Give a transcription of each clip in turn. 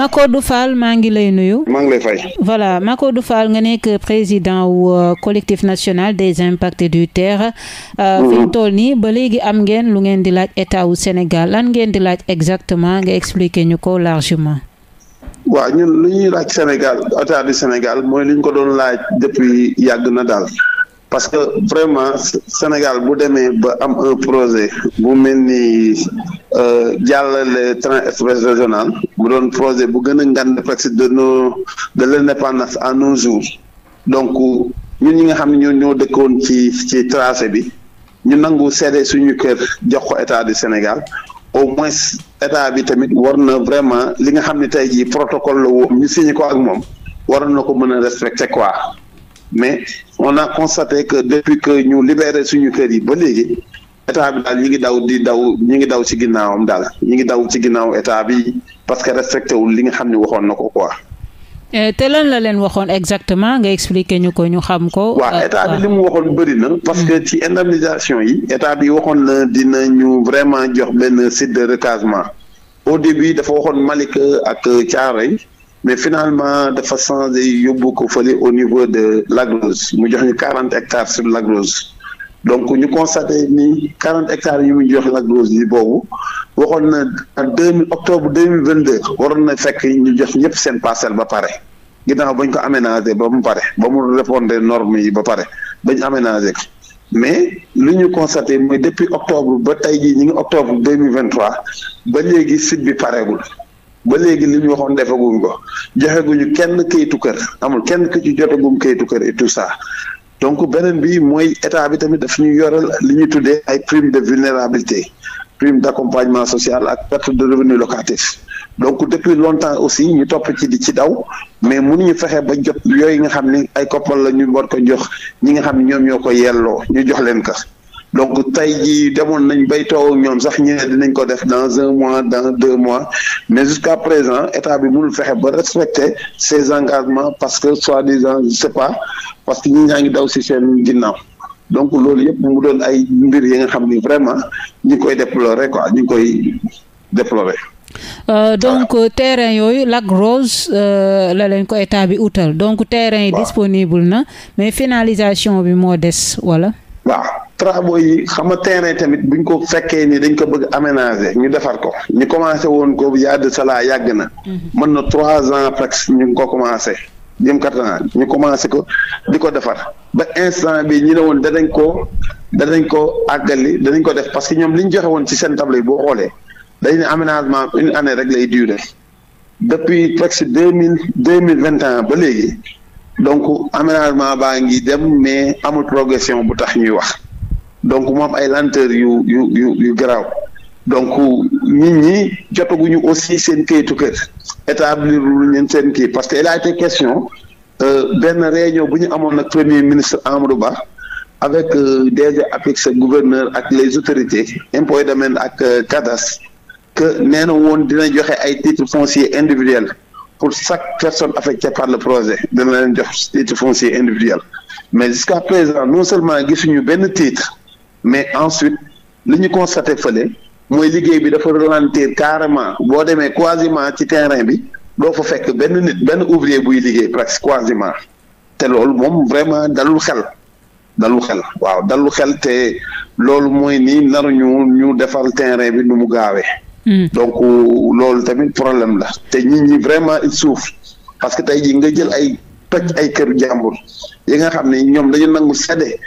Macodou Fall maa ngi lay nuyu. maa ngi lay fay. voilà Macodou Fall nga nekk président wu euh, collectif national des impactés du terre. Euh, mhm. fi toll nii ba léegi am ngeen lu ngeen di laaj état wu Sénégal lan ngeen di laaj exactement nga expliquer ñu ko largement. waaw ñun lu ñuy laaj Sénégal état du Sénégal mooy li ñu ko doon laaj depuis yàgg na daal parce que vraiment Sénégal bu demee ba am un projet bu mel ni euh, le train express régional bu doon projet bu gën a ngand presque de nos de l'indépendance à nos jours donc ñun ñi nga xam ne ñoo ñoo dëkkoon ci ci tracé bi ñu nangu seede suñu kër jox ko état du Sénégal au moins état bi tamit war na vraiment li nga xam ne tey jii protocole la woon ñu signé ko ak moom war na ko mën a respecté quoi mais on a constaté que depuis que ñu libéré suñu kër yi ba léegi état bi daal ñi ngi daw di daw ñi ngi daw ci ginnaawam daal ñi ngi daw ci ginnaaw état bi parce que respecté wul li nga xam ne waxoon na ko quoi. Eh, te lan la leen waxoon exactement nga expliqué ñu ko ñu xam ko. waa euh, état bi li mu waxoon bëri na. parce que hmm. ci indemnisation yi. état bi waxoon na dina ñu vraiment jox benn site de recasement. au début dafa waxoon Malika ak yi mais finalement dafa changé yóbbu ko fële au niveau de Lac Rose mu jox ñu quarante hectares sur Lac donc ñu constaté ni quarante hectares yi mu jox Lac yi boobu waxoon na en deux mille octobre deux mille vingt deux waroon na fekk ñu jox ñëpp seen parcelle ba pare ginnaaw ba ñu ko aménagé ba mu pare ba mu répondre norme yi ba pare bañ ñu aménagé mais li ñu constaté mooy depuis octobre ba tey jii ñu ngi octobre deux mille vingt ba léegi site bi pareegul. ba léegi li ñu waxoon defaguñ ko joxeguñu kenn kayitu kër amul kenn ku ci jotagum kayitu kër tout ça donc beneen bi mooy état bi tamit daf ñu yoral li ñuy tuddee ay prime de vulnérabilité prime d'accompagnement social ak perte de revenu locatif donc depuis longtemps aussi ñu topp ci di ci daw mais ñu fexe ba jot yooyu nga xam ne ay koppal la ñu war ko jox ñi nga xam ne ñoom ñoo ko yelloo ñu jox leen ko donc tey jii demoon nañ bay toog ñoom sax ñu ne dinañ ko def dans un mois dans deux mois mais jusqu'à présent état bi mënul fexe ba respecter ses engagements parce que soi-disant je sais pas parce que ñi ñaa ngi daw ci seen ginnaaw donc loolu yëpp mu doon ay mbir yi nga xam ni vraiment ñu ngi koy déplorer quoi ñu ngi koy déplorer. Euh, donc voilà. Euh, terrain yooyu Lac Rose euh, la leen ko état bi utal donc terrain yi. Voilà. disponible na mais finalisation bi moo des wala. Voilà. travaux yi xam nga terrain tamit buñ ko fekkee ni dañ ko bëgg aménager ñu defar ko ñu commencé woon ko yàgg sala yàgg na man mhm. na trois ans presque ñu ko commencé jëm kattanaa ñu commencé ko di ko defar ba instant bi ñu ne woon danañ ko da danañ ko àggali danañ ko def parce que ñoom li ñu joxe woon ci seen table boo xoolee dañ ne aménagement une année rek lay durer depuis presque deux mille deux mille vingt un ba léegi donc aménagement baa ngi dem mais amul progression bu tax ñuy wax donc mu am ay lenteur yu yu yu yu garaaw donc nit ñi jotaguñu aussi seen kayitu kër établir lu leen seen kii parce que il a été question euh, benn réunion bu ñu amoon nag premier ministre Amadou Ba avec euh, DG APIX gouverneur ak les autorités impôts et domaines ak CADAS euh, que nee na woon dina joxe ay titre foncier individuel pour chaque personne affectée par le projet dina leen jox titre foncier individuel mais jusqu'à présent non seulement gisuñu benn titre mais ensuite li ñu constaté fële mooy liggéey bi dafa ralentir carrément boo demee quasiment ci terrain bi doo fa fekk benn nit benn ouvrier buy liggéey presque quasiment te loolu moom vraiment dalul xel dalul xel waaw dalul xel te loolu mooy nii naruñu ñu defar terrain bi nu mu gaawee. Mm. donc euh, loolu tamit problème la te nit ñi vraiment ils souffrent parce que tey jii nga jël ay toj ay kër jàmbur yi nga xam ne ñoom dañu nangu sedde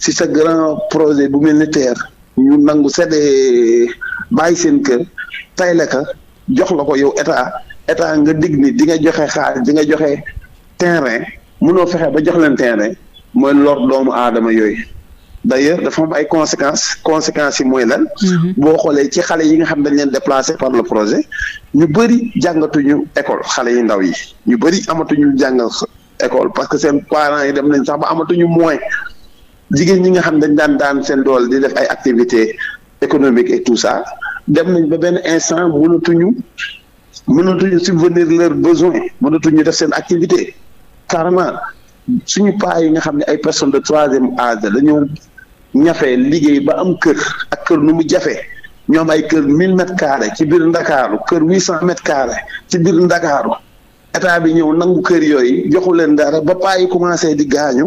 si sa grand projet bu mel ni TER ñu nangu seddee bàyyi seen kër tay la jox la ko yow état état nga digg ni di nga joxe xaalis di nga joxe terrain mënoo fexe ba jox leen terrain mooy lor doomu aadama yooyu d'ailleurs dafa am ay conséquences conséquences yi mooy lan. Mhm. boo xoolee ci xale yi nga xam dañ leen déplacé par le projet ñu bëri jàngatuñu école xale yu ndaw yi ñu bëri amatuñu jàng école parce que seen parents yi dem nañ sax ba amatuñu moyen jigéen ñi nga xam dañ daan daan seen dool di def ay activité économique et tout ça dem nañ ba benn instant mënatuñu mënatuñu subvenir leurs besoins mënatuñu def seen activité carrément suñu paa yi nga xam ne ay personnes de troisième âge dañoo ñafe liggéey ba am kër ak kër nu mu jafe ñoom ay kër mille mètres carrés ci biir ndakaaru kër huit cent mètres carrés ci biir ndakaaru état bi ñëw nangu kër yooyu joxu leen dara ba paa yi commencé di gaañu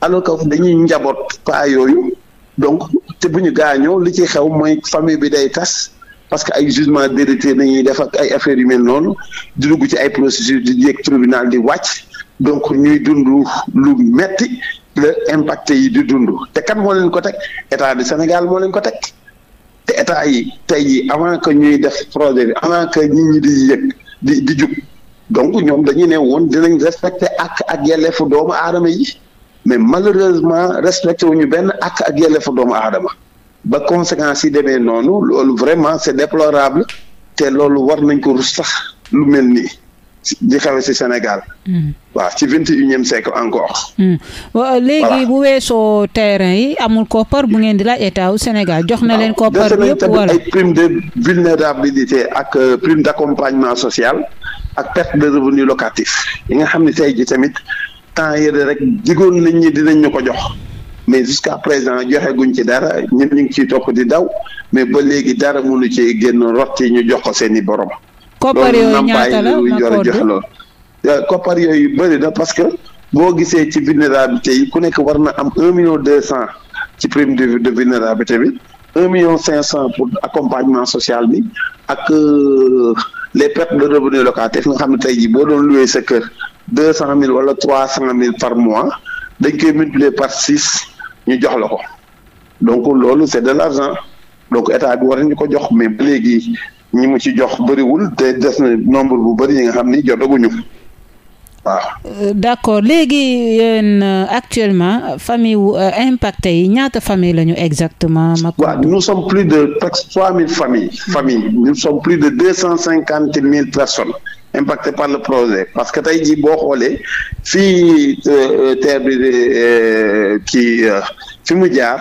alors que dañuy njaboot paa yooyu donc te buñu ñu gaañoo li ci xew mooy famille bi day tas parce que ay jugement d'héritier dañuy def ak ay affaires yu mel noonu di dugg ci ay procédure di yéeg tribunal di wàcc donc ñuy dund lu metti le yi di dund te kan moo ko teg état du Sénégal moo leen ko teg état yi tey yi que ñuy def projet bi avant que nit ñi di yëg di di jug donc ñoom dañuy ne woon dinañ respecter ak ak yelleefu doomu aadama yi mais malheureusement respecté wuñu benn ak ak yelleefu doomu aadama ba conséquences yi demee noonu loolu vraiment c'est déplorable te loolu war nañ ko rus sax lu mel ni di xewe ci Sénégal. Hmm. waaw ci vingt et unième siècle encore. Hmm. Euh, voilà léegi bu weesoo terrain yi amul koppar bu ngeen di laaj état wu Sénégal jox na ah, leen. koppar yëpp wala ay prime de vulnérabilité ak euh, prime d'accompagnement social ak perte de revenu locatif yi nga xam ne tey ji tamit. temps yële rek digoon nañ ñi dinañ ñu ko jox mais jusqu'à présent joxe guñ ci dara ñun ñu ngi ciy topp di daw mais ba léegi dara mënu ci génnoon génn rotti ñu jox ko seen i borom. koppar yooyu ñaata la loolu euh, yooyu bëri na parce que boo gisee ci vulnérabilité yi ku nekk war na am un million deux cent ci prime de de vulnérabilité bi un million cinq cent pour accompagnement social bi ak euh, les pertes de revenus locatifs nga xam ne tey jii boo doon louer sa kër. deux cent mille wala trois cent mille par mois dañ koy multiplier par six ñu jox la ko donc loolu c'est de l'argent donc état bi war ñu ko jox mais ba léegi ñi mu ci jox bëriwul te des nombre bu bëri yi nga xam ni jotaguñu waaw. Euh, d'accord léegi yéen euh, actuellement famille wu euh, impacté yi ñaata famille lañu exactement. waaw nous sommes plus de presque trois mille familles. familles nous sommes plus de deux cent cinquante mille personnes. impacté par le projet parce que tey jii boo xoolee fii euh, terre bi euh, kii euh, fi mu jaar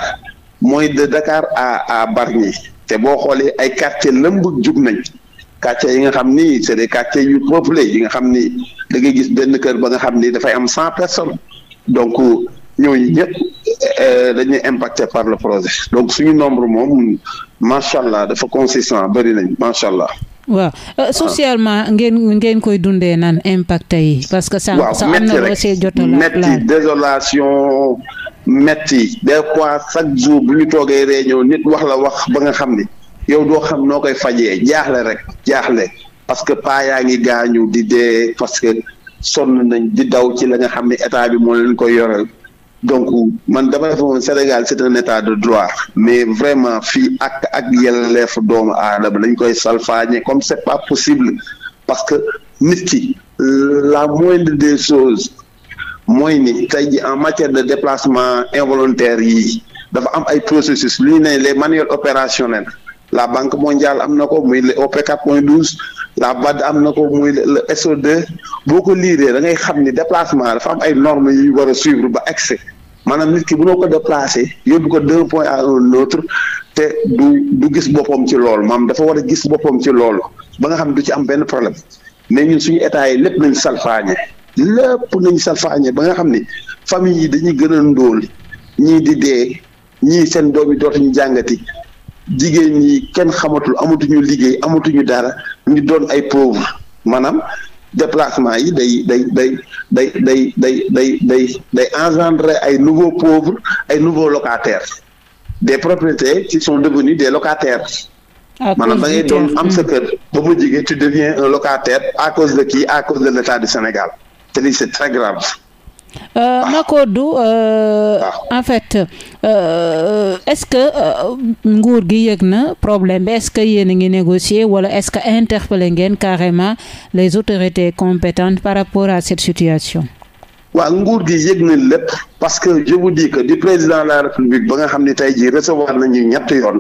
mooy de dakaar à à Bargny te boo xoolee ay quartier lëmb jub nañ quartiers yi nga xam ni c'est des quartiers yu peuplés yi nga xam ni dangay gis benn kër ba nga xam ni dafay am cent personnes donc ñooñu ñëpp dañuy impacté par le projet donc suñu nombre moom macha allah dafa consistant bëri nañ macha allah. waaw euh, socialement ngeen ngeen koy dundee naan impact yi parce que ça waaw am na loo see jot metti désolation metti des fois chaque jour bu ñu toogee réunion nit wax la wax ba nga xam ni yow doo xam noo koy fajee jaaxle rek jaaxle parce que paa yaa ngi gaañu di dee parce que sonn nañ di daw ci la nga xam ni état bi moo leen koy yorel donc man dama def moom Sénégal c'est un état de droit mais vraiment fii ak ak yelleef doomu aadama dañ koy salfaañe comme c'est pas possible parce que nit ki la moindre des choses mooy ni tey ji en matière de déplacement involontaire yi dafa am ay processus li ne les manuels opérationnels la banque mondiale am na ko muy le OP 4.12 la BAD am na ko muy le so boo ko liiree da ngay xam ni déplacement dafa am ay normes yu war a suivre ba accès maanaam nit ki bu noo ko déplacé yóbbu ko d'un point à un autre te du du gis boppam ci loolu maam dafa war a gis boppam ci loolu ba nga xam ne du ci am benn problème mais ñun suñu état yi lépp nañ salfaañe lépp nañ salfaañe ba nga xam ne famille yi dañuy gën a ndóol ñii di dee ñii seen doom yi dootuñu jàngati jigéen ñi kenn xamatul amatuñu liggéey amatuñu dara ñu doon ay pauvre maanaam déplacement yi day day day day day day day day day engendrer ay nouveaux pauvres ay nouveaux locataires des propriétés qui sont devenus des locataires ah, maanaam da ngay doon am hmm. sa kër ba mu jigee tu deviens un locataire à cause de qui à cause de l'état du Sénégal te lii c'est très grave Euh, Macodou euh, ah. en fait euh, euh est-ce que euh, nguur gi yëg na problème bi est-ce que yéen a ngi négocier wala est-ce que interpellé ngeen carrément les autorités compétentes par rapport à cette situation. waaw nguur gi yëg na lépp parce que je vous dis que président la république ba nga xam ne tey jii recevoir nañu ñett yoon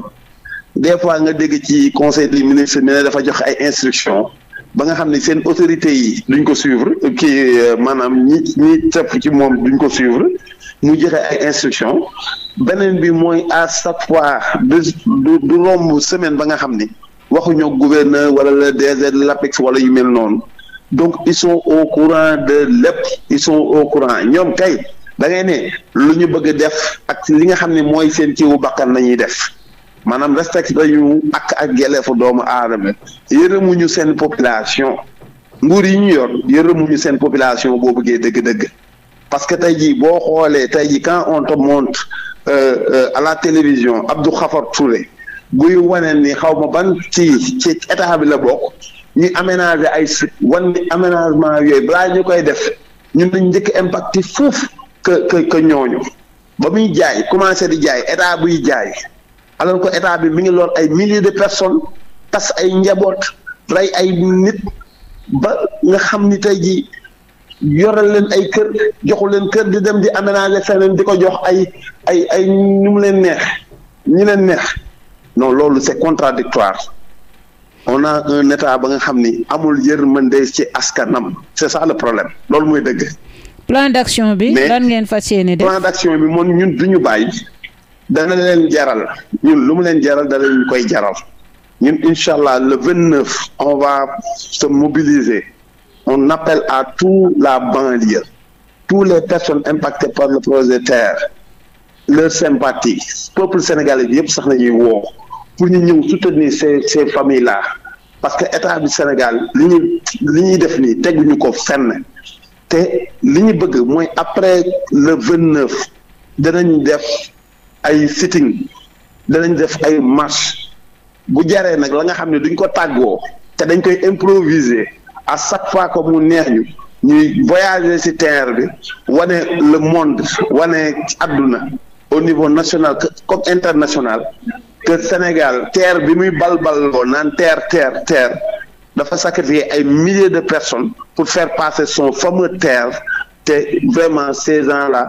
des fois nga dégg ci conseil des ministres ne dafa jox ay instructions. ba nga xam ne seen autorités yi duñ ko suivre kii euh, maanaam ñi ñi tepp ci moom duñ ko suivre mu joxe ay instruction beneen bi mooy à chaque fois du du romb semaine ba nga xam ni waxuñoo gouverneur wala le DG l'APEX wala yu mel noonu donc ils sont au courant de lépp ils sont au courant ñoom kay da ngay ne lu ñu bëgg def ak li nga xam ni mooy seen kiwu bakkan la ñuy def maanaam respecté ñu ak ak yelleefu doomu aadama yërëmuñu seen population nguur yi ñu yoon yor yërëmuñu seen population boo bëggee dëgg-dëgg parce que tey jii boo xoolee tey jii quand on te montre euh, euh, à la télévision Abdou Khafar Touré buy wane ni xaw ma ban ci ci état bi la bokk ñu aménager ay wan aménagement yooyu balaa ñu koy def ñun dañ njëkk impacté foofu que que que ñooñu ba muy jaay commencé di jaay état buy jaay. alors que état bi mu ngi lool ay milliers de personnes tas ay njaboot rey ay nit ba nga xam ni tey jii yoral leen ay kër joxu leen kër di dem di aménager feneen di ko jox ay ay ay ñu mu leen neex ñi leen neex non loolu c'est contradictoire on a un état ba nga xam ni amul yërmande ci askanam c'est ça le problème loolu mooy dëgg. plan d'action bi. lan ngeen fas yéene def plan d'action bi moom ñun duñu bàyyi. dana leen jaral ñun lu mu leen jaral dana leen koy jaral ñun incha allah le vingt neuf on va se mobiliser on appelle à tout la banlieue toutes les personnes impactées par le projet TER leur sympathie peuple sénégalais bi yëpp sax nañuy woo pour ñu ñëw soutenir ces ces familles la parce que état du Sénégal li ñu li ñuy def nii teguñu ko fenn te li ñu bëgg mooy après le vingt neuf danañ def ay sitting danañ def ay marche bu jaree nag la nga xam ne duñ ko tàggoo te dañ koy improviser à chaque fois que mu neex ñu ñuy voyager ci terre bi wane le monde wane àdduna au niveau national comme international que Sénégal terre bi muy bal balbaloo naan terre terre terre dafa sacrifier ay milliers de personnes pour faire passer son fameux terre te vraiment ces gens-là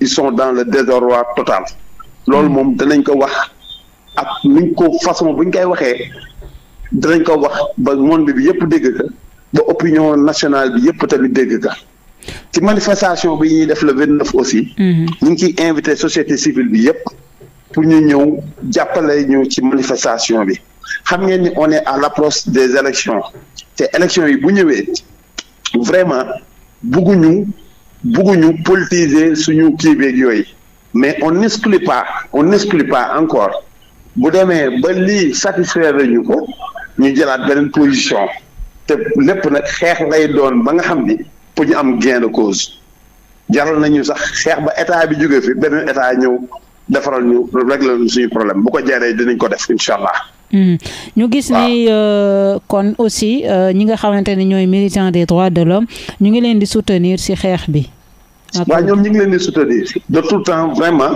ils sont dans le désarroi total loolu moom danañ ko wax ak niñ ko façon buñ koy waxee danañ ko wax ba monde bi yëpp dégg ka ba opinion nationale bi yëpp tamit dégg ka ci manifestation bi ñuy def le vingt aussi. Mhm. ñu ngi ciy invité société civile bi yëpp pour ñu ñëw jàppale ñëw ci manifestation bi xam ngeen ni on est à l'approche des élections te élections yi bu ñëwee vraiment bugguñu bugguñu politiser suñu kii beeg yooyu. mais on n'exclut on n'exclut pas encore bu demee ba lii satisfaire ñu ko ñu jëlaat beneen position te lépp nag xeex lay doon ba nga xam ni pour ñu am gain de cause jaral nañu sax xeex ba état bi jóge fi beneen état ñëw defaral ñu régler suñu problème bu ko jaree dinañ ko def incha allah. Hmm. ñu gis ni euh, kon aussi euh, ñi nga xamante ne ñooy militants des droits de l'homme ñu ngi leen di soutenir ci xeex bi. Ah, waa ñoom ñu ngi leen di soutenir de tout temps vraiment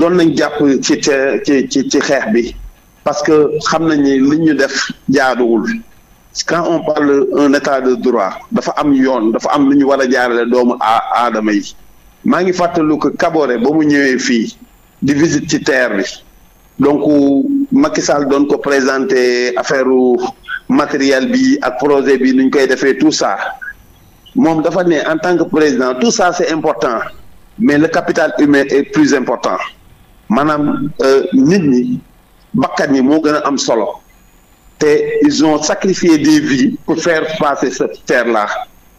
doon nañ jàpp ci te ci ci ci xeex bi parce que xam nañ ni li ñu def jaaduwul quand on parle un état de droit dafa am yoon dafa am lu ñu war a jaarale doomu aadama yi maa ngi fàttalu ko Kabore ba mu ñëwee fii di visite ci terre bi donc Macky Sall doon ko présenter affaire matériel bi ak projet bi nu ñu koy defee tout ça moom dafa ne en tant que président tout ça c'est important mais le capital humain est plus important maanaam euh, nit ñi bakkan yi moo gën a am solo te ils ont sacrifié des vies pour faire passer cette terre là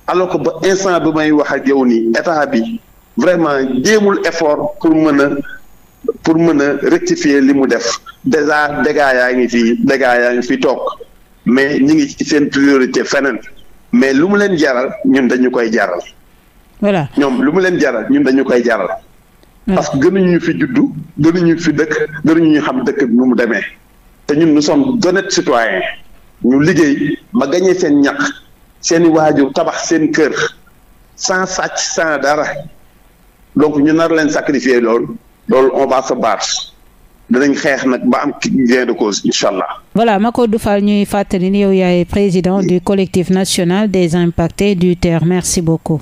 alors que ba instant bi may wax ak yow nii état bi vraiment jéemul effort pour mën a pour mën a rectifier li mu def déjà dégâts yaa ngi fi dégâts yaa ngi fi toog mais ñu ngi ci seen priorité feneen mais lu mu leen jaral ñun dañu koy jaral. voilà ñoom lu mu leen jaral ñun dañu koy jaral. parce que gënuñu ñu fi juddu gënuñu fi dëkk gënuñu ñu xam dëkk bi nu mu demee. te ñun nous sommes d'honnêtes citoyens ñu liggéey ba gañee seen ñaq seen i waajur tabax seen kër sans sàcc sans dara donc ñu nar leen sacrifier loolu loolu on va se danañ xeex nag ba am gain de cause incha allah. voilà Macodou Fall ñuy fàttali ni yow yaay président du collectif national des impactés du TER merci beaucoup.